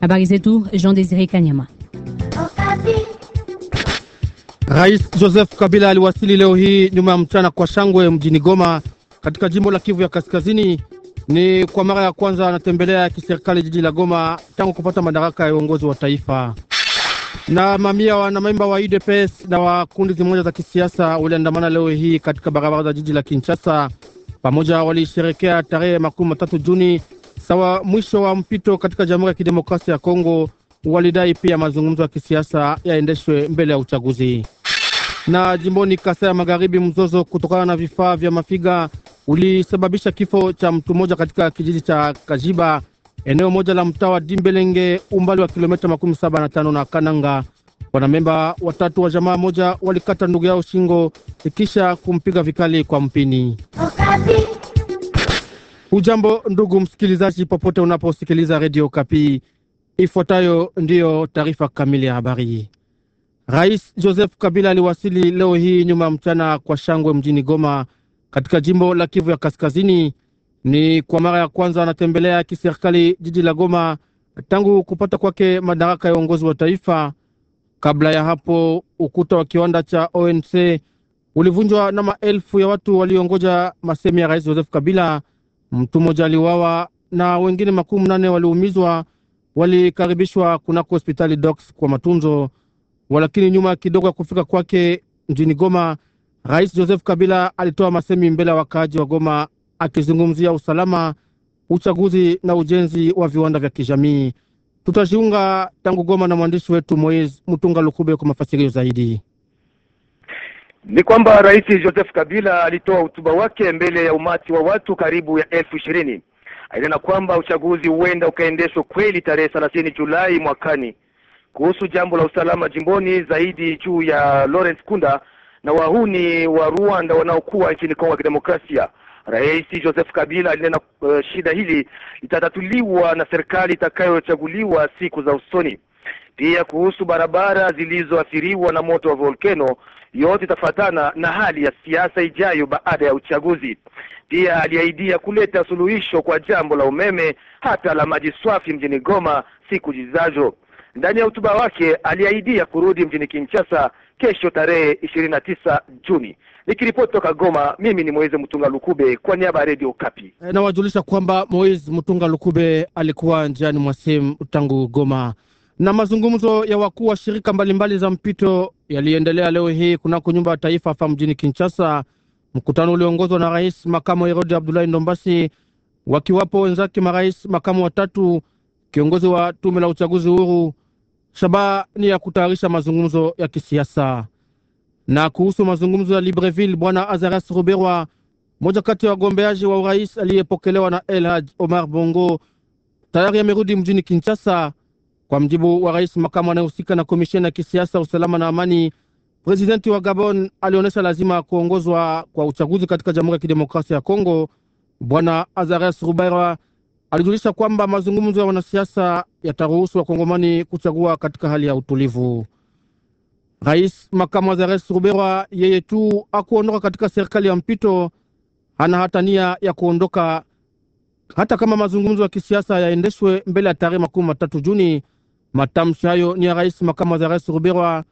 Habari zetu Jean Desire Kanyama. Rais Joseph Kabila aliwasili leo hii nyuma ya mchana kwa shangwe mjini Goma katika jimbo la Kivu ya Kaskazini. Ni kwa mara ya kwanza anatembelea kiserikali jiji la Goma tangu kupata madaraka ya uongozi wa taifa. Na mamia wanamemba wa UDPS na wa kundi zimoja za kisiasa waliandamana leo hii katika barabara za jiji la Kinshasa. Pamoja walisherekea tarehe makumi matatu Juni sawa mwisho wa mpito katika Jamhuri ya Kidemokrasia ya Kongo. Walidai pia mazungumzo ya kisiasa yaendeshwe mbele ya uchaguzi. Na jimboni Kasai ya Magharibi, mzozo kutokana na vifaa vya mafiga ulisababisha kifo cha mtu mmoja katika kijiji cha Kajiba, eneo moja la mtaa wa Dimbelenge, umbali wa kilomita makumi saba na tano na Kananga. Wanamemba watatu wa jamaa moja walikata ndugu yao shingo kisha kumpiga vikali kwa mpini Ujambo ndugu msikilizaji, popote unaposikiliza redio Kapi, ifuatayo ndiyo taarifa kamili ya habari. Rais Joseph Kabila aliwasili leo hii nyuma ya mchana kwa shangwe mjini Goma katika jimbo la Kivu ya Kaskazini. Ni kwa mara ya kwanza anatembelea kiserikali jiji la Goma tangu kupata kwake madaraka ya uongozi wa taifa. Kabla ya hapo, ukuta wa kiwanda cha ONC ulivunjwa na maelfu ya watu waliongoja masemi ya rais Joseph Kabila. Mtu mmoja aliuawa na wengine makumi nane waliumizwa, walikaribishwa kunako hospitali Docs kwa matunzo. Walakini nyuma kidogo ya kufika kwake mjini Goma, Rais Joseph Kabila alitoa masemi mbele ya wakaaji wa Goma akizungumzia usalama, uchaguzi na ujenzi wa viwanda vya kijamii. Tutajiunga tangu Goma na mwandishi wetu Moise Mutunga Lukube kwa mafasirio zaidi ni kwamba Rais Joseph Kabila alitoa hotuba wake mbele ya umati wa watu karibu ya elfu ishirini. alinena kwamba uchaguzi huenda ukaendeshwa kweli tarehe thelathini Julai mwakani. Kuhusu jambo la usalama jimboni, zaidi juu ya Lawrence Kunda na wahuni wa Rwanda wanaokuwa nchini Kongo ya Kidemokrasia, Rais Joseph Kabila alinena uh, shida hili litatatuliwa na serikali itakayochaguliwa siku za usoni pia kuhusu barabara zilizoathiriwa na moto wa volkeno. Yote itafuatana na hali ya siasa ijayo baada ya uchaguzi. Pia aliahidia kuleta suluhisho kwa jambo la umeme hata la maji swafi mjini Goma siku zizazo Ndani ya hutuba wake aliahidia kurudi mjini kinchasa kesho tarehe ishirini na tisa Juni. Nikiripoti toka Goma, mimi ni Moize Mtunga Lukube kwa niaba ya redio Kapi. E, eh, nawajulisha kwamba Moize Mtunga Lukube alikuwa njiani mwa simu tangu Goma na mazungumzo ya wakuu wa shirika mbalimbali mbali za mpito yaliendelea leo hii kunako nyumba ya taifa hapa mjini Kinshasa. Mkutano ulioongozwa na rais makamu Herode Abdulahi Ndombasi, wakiwapo wenzake marais makamu watatu, kiongozi wa tume la uchaguzi huru. Shabaha ni ya kutayarisha mazungumzo ya kisiasa. Na kuhusu mazungumzo ya Libreville, bwana Azaras Ruberwa, mmoja kati ya wagombeaji wa urais aliyepokelewa na Elhaj Omar Bongo, tayari amerudi mjini Kinshasa. Kwa mjibu wa rais makamu anayehusika na komisheni ya kisiasa, usalama na amani, presidenti wa Gabon alionyesha lazima kuongozwa kwa uchaguzi katika Jamhuri ya Kidemokrasia ya Kongo. Bwana Azarias Rubaira alijulisha kwamba mazungumzo ya wanasiasa yataruhusu wakongomani kuchagua katika hali ya utulivu. Rais makamu Azarias Rubaira yeye tu akuondoka katika serikali ya mpito, ana hata nia ya kuondoka hata kama mazungumzo ya kisiasa yaendeshwe mbele ya tarehe makumi matatu Juni. Matamshi hayo ni ya rais makamu wa rais Rubirwa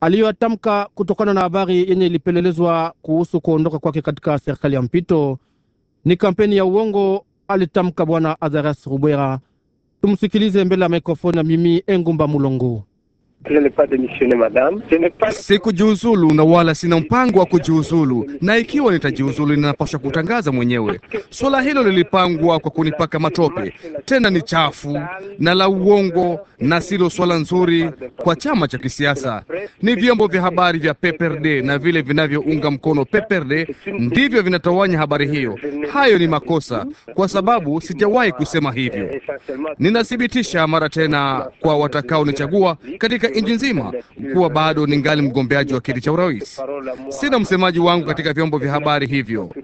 aliyoyatamka kutokana na habari yenye ilipelelezwa kuhusu kuondoka kwake katika serikali ya mpito. Ni kampeni ya uongo, alitamka bwana Azaras rubera Tumsikilize mbele ya mikrofoni ya mimi Engumba Mulongo. Sikujiuzulu na wala sina mpango wa kujiuzulu, na ikiwa nitajiuzulu ninapaswa kutangaza mwenyewe. Suala hilo lilipangwa kwa kunipaka matope, tena ni chafu na la uongo, na silo swala nzuri kwa chama cha kisiasa. Ni vyombo vya habari vya PPRD na vile vinavyounga mkono PPRD ndivyo vinatawanya habari hiyo. Hayo ni makosa, kwa sababu sijawahi kusema hivyo. Ninathibitisha mara tena kwa watakaonichagua katika katika nchi nzima, kuwa bado ni ngali mgombeaji wa kiti cha urais. Sina msemaji wangu katika vyombo vya habari, hivyo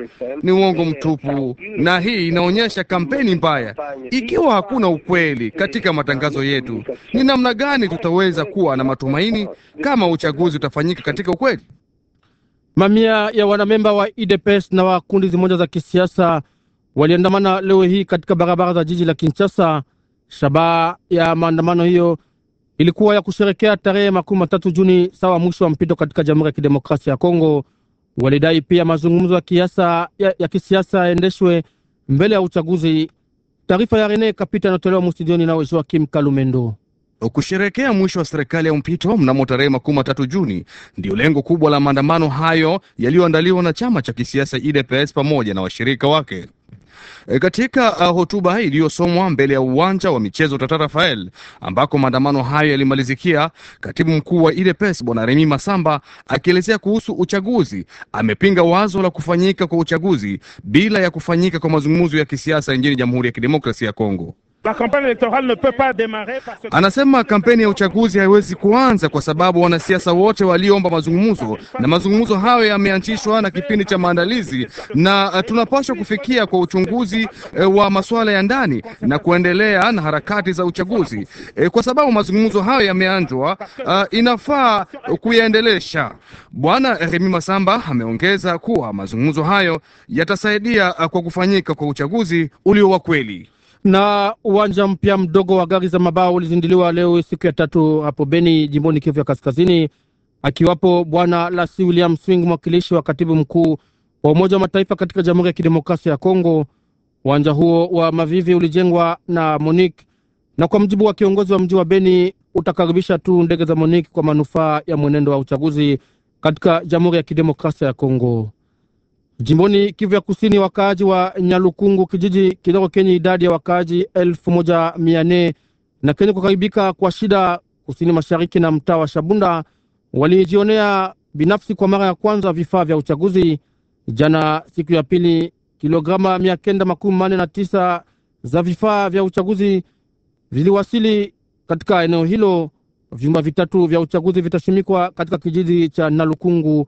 ni uongo mtupu, na hii inaonyesha kampeni mbaya. Ikiwa hakuna ukweli katika matangazo yetu, ni namna gani tutaweza kuwa na matumaini kama uchaguzi utafanyika katika ukweli? Mamia ya wanamemba wa UDPS na wa kundi zimoja za kisiasa waliandamana leo hii katika barabara za jiji la Kinshasa. Shabaha ya maandamano hiyo ilikuwa ya kusherekea tarehe makumi matatu Juni, sawa mwisho wa mpito katika Jamhuri ya Kidemokrasia ya Kongo. Walidai pia mazungumzo ya kiasa, ya, ya kisiasa yaendeshwe mbele ya uchaguzi. Taarifa ya Rene Kapita inatolewa mustudioni na Joakim Kalumendo. Kusherekea mwisho wa serikali ya mpito mnamo tarehe makumi matatu Juni ndio lengo kubwa la maandamano hayo yaliyoandaliwa na chama cha kisiasa UDPS pamoja na washirika wake. E, katika hotuba iliyosomwa mbele ya uwanja wa michezo Tata Rafael ambako maandamano hayo yalimalizikia, katibu mkuu wa UDPS Bwana Remi Masamba akielezea kuhusu uchaguzi, amepinga wazo la kufanyika kwa uchaguzi bila ya kufanyika kwa mazungumzo ya kisiasa nchini Jamhuri ya Kidemokrasia ya Kongo. La campagne ne peut pas démarrer parce que... Anasema kampeni ya uchaguzi haiwezi kuanza kwa sababu wanasiasa wote waliomba mazungumzo na mazungumzo hayo yameanzishwa na kipindi cha maandalizi, na eh, tunapaswa kufikia kwa uchunguzi e, wa masuala ya ndani na kuendelea na harakati za uchaguzi e, kwa sababu mazungumzo hayo yameanzwa, inafaa kuyaendelesha. Bwana Remi Masamba ameongeza kuwa mazungumzo hayo yatasaidia kwa kufanyika kwa uchaguzi ulio wa kweli. Na uwanja mpya mdogo wa gari za mabao ulizinduliwa leo siku ya tatu hapo Beni, jimboni Kivu ya Kaskazini, akiwapo Bwana Lasi William Swing, mwakilishi wa katibu mkuu wa Umoja wa Mataifa katika Jamhuri ya Kidemokrasia ya Kongo. Uwanja huo wa Mavivi ulijengwa na Monik na kwa mjibu wa kiongozi wa mji wa Beni utakaribisha tu ndege za Monik kwa manufaa ya mwenendo wa uchaguzi katika Jamhuri ya Kidemokrasia ya Kongo. Jimboni Kivu ya Kusini, wakaaji wa Nyalukungu, kijiji kidogo kenye idadi ya wakaaji elfu moja mia nne na kenye kukaribika kwa shida kusini mashariki na mtaa wa Shabunda, walijionea binafsi kwa mara ya kwanza vifaa vya uchaguzi jana, siku ya pili. Kilograma mia kenda makumi manne na tisa za vifaa vya uchaguzi viliwasili katika eneo hilo. Vyumba vitatu vya uchaguzi vitashimikwa katika kijiji cha Nalukungu.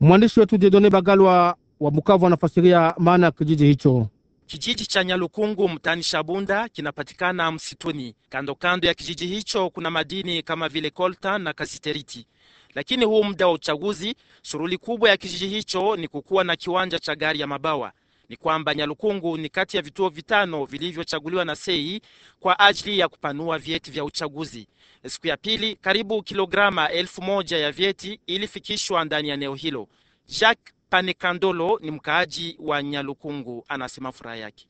Mwandishi wetu Jedone Bagalwa wa Bukavu anafasiria maana ya kijiji hicho. Kijiji cha Nyalukungu mtani Shabunda kinapatikana msituni. Kando kando ya kijiji hicho kuna madini kama vile kolta na kasiteriti, lakini huu muda wa uchaguzi, shughuli kubwa ya kijiji hicho ni kukuwa na kiwanja cha gari ya mabawa. Ni kwamba Nyalukungu ni kati ya vituo vitano vilivyochaguliwa na sei kwa ajili ya kupanua vyeti vya uchaguzi. Siku ya pili, karibu kilograma elfu moja ya vyeti ilifikishwa ndani ya eneo hilo. Jacques Panekandolo ni mkaaji wa Nyalukungu, anasema furaha yake.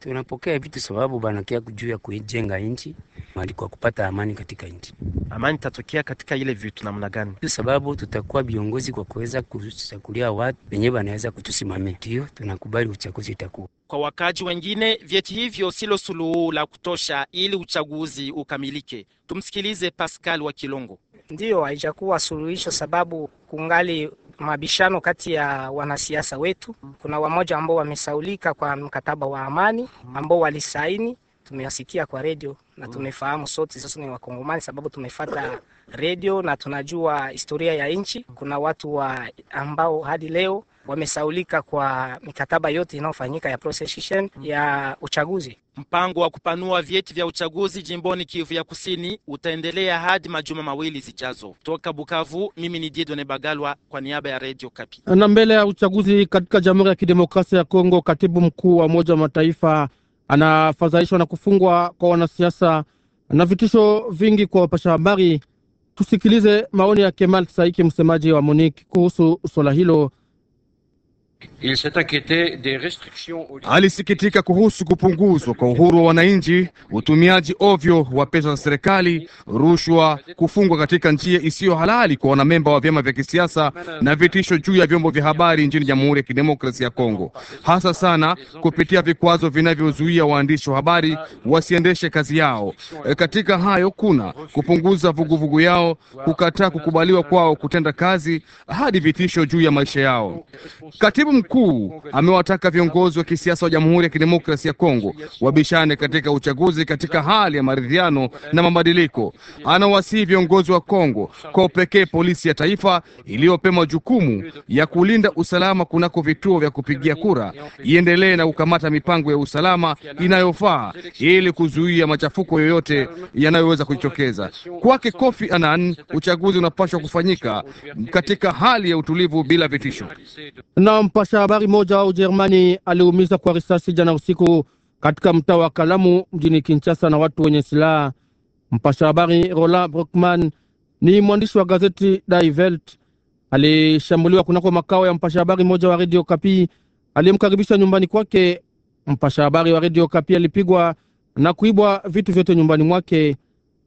Tunapokea vitu sababu banakia juu ya kujenga nchi mali kwa kupata amani katika nchi. Amani tatokea katika ile vitu namna gani? Kwa sababu tutakuwa viongozi kwa kuweza kuchagulia watu wenye wanaweza kutusimamia, ndio tunakubali uchaguzi itakuwa. Kwa wakaji wengine, vyeti hivyo silo suluhu la kutosha ili uchaguzi ukamilike. Tumsikilize Pascal wa Kilongo. Ndiyo, haijakuwa suluhisho sababu kungali mabishano kati ya wanasiasa wetu. Kuna wamoja ambao wamesaulika kwa mkataba wa amani ambao walisaini, tumewasikia kwa redio na mm. tumefahamu sote sasa ni Wakongomani sababu tumefata redio na tunajua historia ya nchi. Kuna watu wa ambao hadi leo wamesaulika kwa mikataba yote inayofanyika ya procession mm. ya uchaguzi. Mpango wa kupanua vyeti vya uchaguzi jimboni Kivu ya Kusini utaendelea hadi majuma mawili zijazo. Toka Bukavu, mimi ni Diedone Bagalwa kwa niaba ya Radio Kapi. Na mbele ya uchaguzi katika Jamhuri ya Kidemokrasia ya Kongo, katibu mkuu wa Umoja wa Mataifa anafadhaishwa na kufungwa kwa wanasiasa na vitisho vingi kwa wapasha habari. Tusikilize maoni ya Kemal Saiki, msemaji wa Monik kuhusu swala hilo alisikitika kuhusu kupunguzwa kwa uhuru wa wananchi, utumiaji ovyo wa pesa za serikali, rushwa, kufungwa katika njia isiyo halali kwa wanamemba wa vyama vya kisiasa na vitisho juu ya vyombo vya habari nchini Jamhuri ya Kidemokrasia ya Kongo, hasa sana kupitia vikwazo vinavyozuia waandishi wa habari wasiendeshe kazi yao. E, katika hayo kuna kupunguza vuguvugu vugu yao, kukataa kukubaliwa kwao kutenda kazi, hadi vitisho juu ya maisha yao. Katibu Katibu mkuu amewataka viongozi wa kisiasa wa Jamhuri ya Kidemokrasia ya Kongo wabishane katika uchaguzi katika hali ya maridhiano na mabadiliko. Anawasihi viongozi wa Kongo, kwa upekee polisi ya taifa iliyopewa jukumu ya kulinda usalama kunako vituo vya kupigia kura, iendelee na kukamata mipango ya usalama inayofaa ili kuzuia machafuko yoyote yanayoweza kujitokeza. Kwake Kofi Annan, uchaguzi unapaswa kufanyika katika hali ya utulivu bila vitisho. mpa mpasha habari moja wa Ujerumani aliumiza kwa risasi jana usiku katika mtaa wa Kalamu mjini Kinshasa na watu wenye silaha. Mpasha habari Rola Brockman ni mwandishi wa gazeti Die Welt alishambuliwa kunako makao ya mpasha habari moja wa redio Kapi aliyemkaribisha nyumbani kwake. Mpasha habari wa redio Kapi alipigwa na kuibwa vitu vyote nyumbani mwake.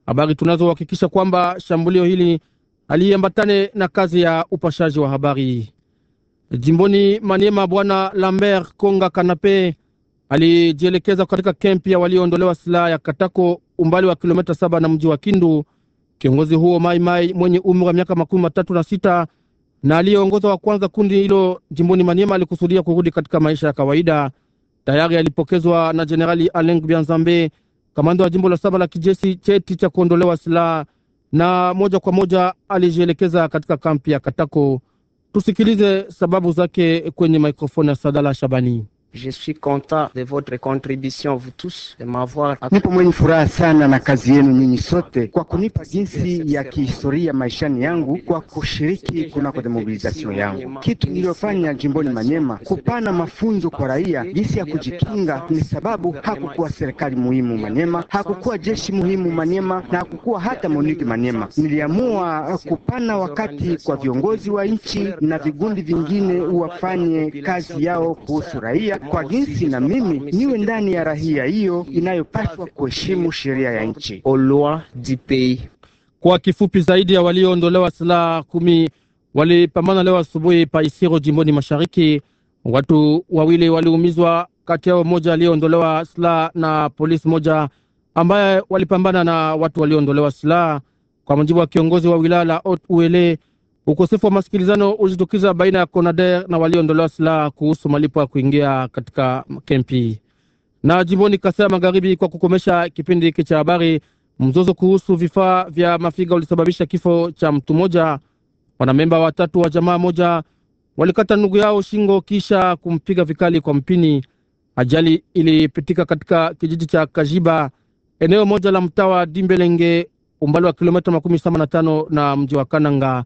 Habari tunazohakikisha kwamba shambulio hili aliambatane na kazi ya upashaji wa habari. Jimboni Maniema, Bwana Lambert Konga Kanape alijielekeza katika kempi ya walioondolewa silaha ya Katako, umbali wa kilomita saba na mji wa Kindu. Kiongozi huo Maimai mai, mwenye umri wa miaka makumi matatu na sita na aliyeongoza wa kwanza kundi hilo jimboni Maniema alikusudia kurudi katika maisha ya kawaida. Tayari alipokezwa na Jenerali Aleng Bianzambe, kamanda wa jimbo la saba la kijeshi, cheti cha kuondolewa silaha na moja kwa moja alijielekeza katika kampi ya Katako. Tusikilize sababu zake kwenye mikrofoni ya Sadala Shabani. Je suis content de votre contribution vous tous de m'avoir. Nipo mwenye furaha sana na kazi yenu nyinyi sote kwa kunipa jinsi ya kihistoria maishani yangu kwa kushiriki kunako demobilization yangu. Kitu niliyofanya jimboni Manyema kupana mafunzo kwa raia jinsi ya kujikinga, ni sababu hakukuwa serikali muhimu Manyema, hakukuwa jeshi muhimu Manyema na hakukuwa hata MONUC Manyema. Niliamua kupana wakati kwa viongozi wa nchi na vigundi vingine wafanye kazi yao kuhusu raia kwa jinsi na mimi niwe ndani ya rahia hiyo inayopaswa kuheshimu sheria ya nchi. Kwa kifupi zaidi ya walioondolewa silaha kumi walipambana leo asubuhi Paisiro, jimboni mashariki. Watu wawili waliumizwa, kati yao mmoja aliyeondolewa silaha na polisi moja ambaye walipambana na watu walioondolewa silaha, kwa mujibu wa kiongozi wa wilaya la Haut Uele. Ukosefu wa masikilizano ulijitokeza baina ya CONADER na walioondolewa silaha kuhusu malipo ya kuingia katika kempi. Na jimboni Kasai Magharibi, kwa kukomesha kipindi hiki cha habari, mzozo kuhusu vifaa vya mafiga ulisababisha kifo cha mtu mmoja. Wanamemba watatu wa jamaa moja walikata ndugu yao shingo kisha kumpiga vikali kwa mpini. Ajali ilipitika katika kijiji cha Kajiba, eneo moja la mtaa wa Dimbelenge, umbali wa kilomita makumi saba na tano na mji wa Kananga.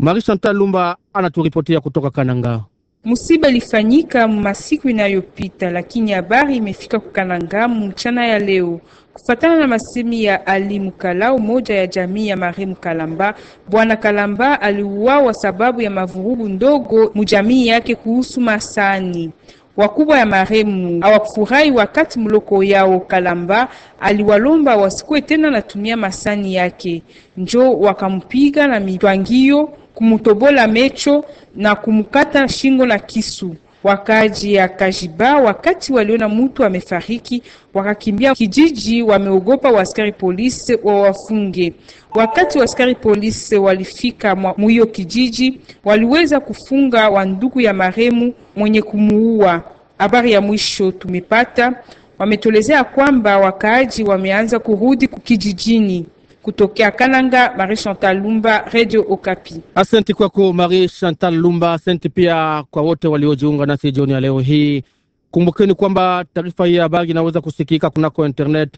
Marisa Ntalumba anaturipotia kutoka Kananga. Musiba ilifanyika masiku inayopita, lakini habari imefika kukananga mchana ya leo. Kufatana na masemi ya Ali Mukalau, moja ya jamii ya marehemu Kalamba, bwana Kalamba aliuawa sababu ya mavurugu ndogo mujamii yake kuhusu masani. Wakubwa ya maremu hawakufurahi wakati mloko yao Kalamba aliwalomba wasikue tena natumia masani yake, njo wakampiga na mitwangio kumutobola mecho na kumukata shingo na kisu. Wakaaji ya Kajiba wakati waliona mtu amefariki, wakakimbia kijiji, wameogopa waskari polisi wawafunge. Wakati waaskari polisi walifika mwiyo kijiji, waliweza kufunga wandugu ya maremu mwenye kumuua. Habari ya mwisho tumepata wametolezea kwamba wakaaji wameanza kurudi kijijini. Kutokea Kananga, Marie Chantal Lumba, Radio Okapi. Asante kwako Marie Chantal Lumba, asante pia kwa wote waliojiunga nasi jioni ya leo hii. Kumbukeni kwamba taarifa hii ya habari inaweza kusikika kunako internet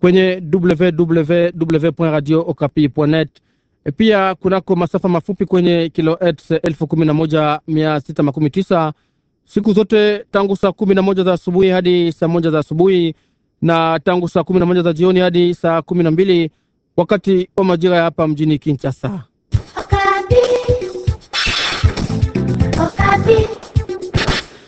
kwenye www.radiookapi.net e, pia kunako masafa mafupi kwenye kilohertz tisa siku zote tangu saa kumi na moja za asubuhi hadi saa moja za asubuhi na tangu saa kumi na moja za jioni hadi saa kumi na mbili wakati wa majira ya hapa mjini Kinshasa. Okapi. Okapi.